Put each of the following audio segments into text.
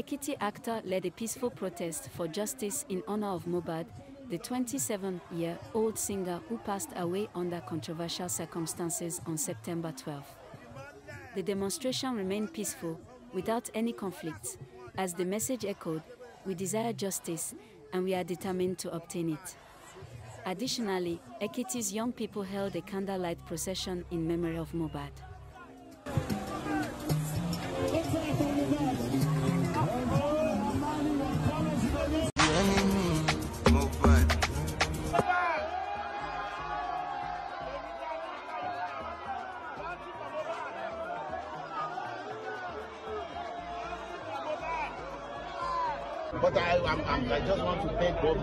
Ekiti actor led a peaceful protest for justice in honor of Mobad, the 27-year-old singer who passed away under controversial circumstances on September 12. The demonstration remained peaceful, without any conflicts, as the message echoed, we desire justice, and we are determined to obtain it. Additionally, Ekiti's young people held a candlelight procession in memory of Mobad. But I, I'm, I'm, i just want to thank God,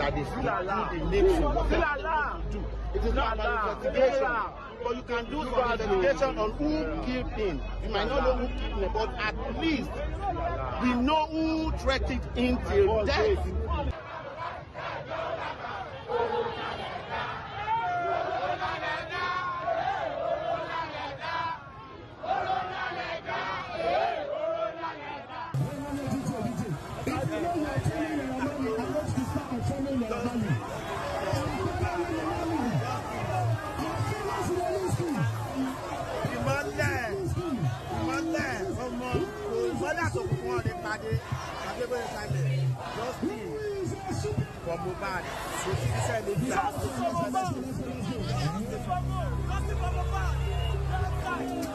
that is not the name of what to do. It is not an investigation. But you can do an investigation on who killed him. You might not know who killed him, but at least we know who threatened him till death. brothers òkùnkùn wọn lè pàdé àgbégbé ìsàlẹ̀ just be for Mohbad kò sí iṣẹ́ lè gbà.